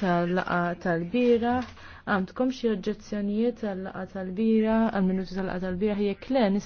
tal-laqa tal-bira, għandkom xie oġġezzjonijiet tal-laqa tal-bira, għal-minuti tal-laqa tal-bira, jekk le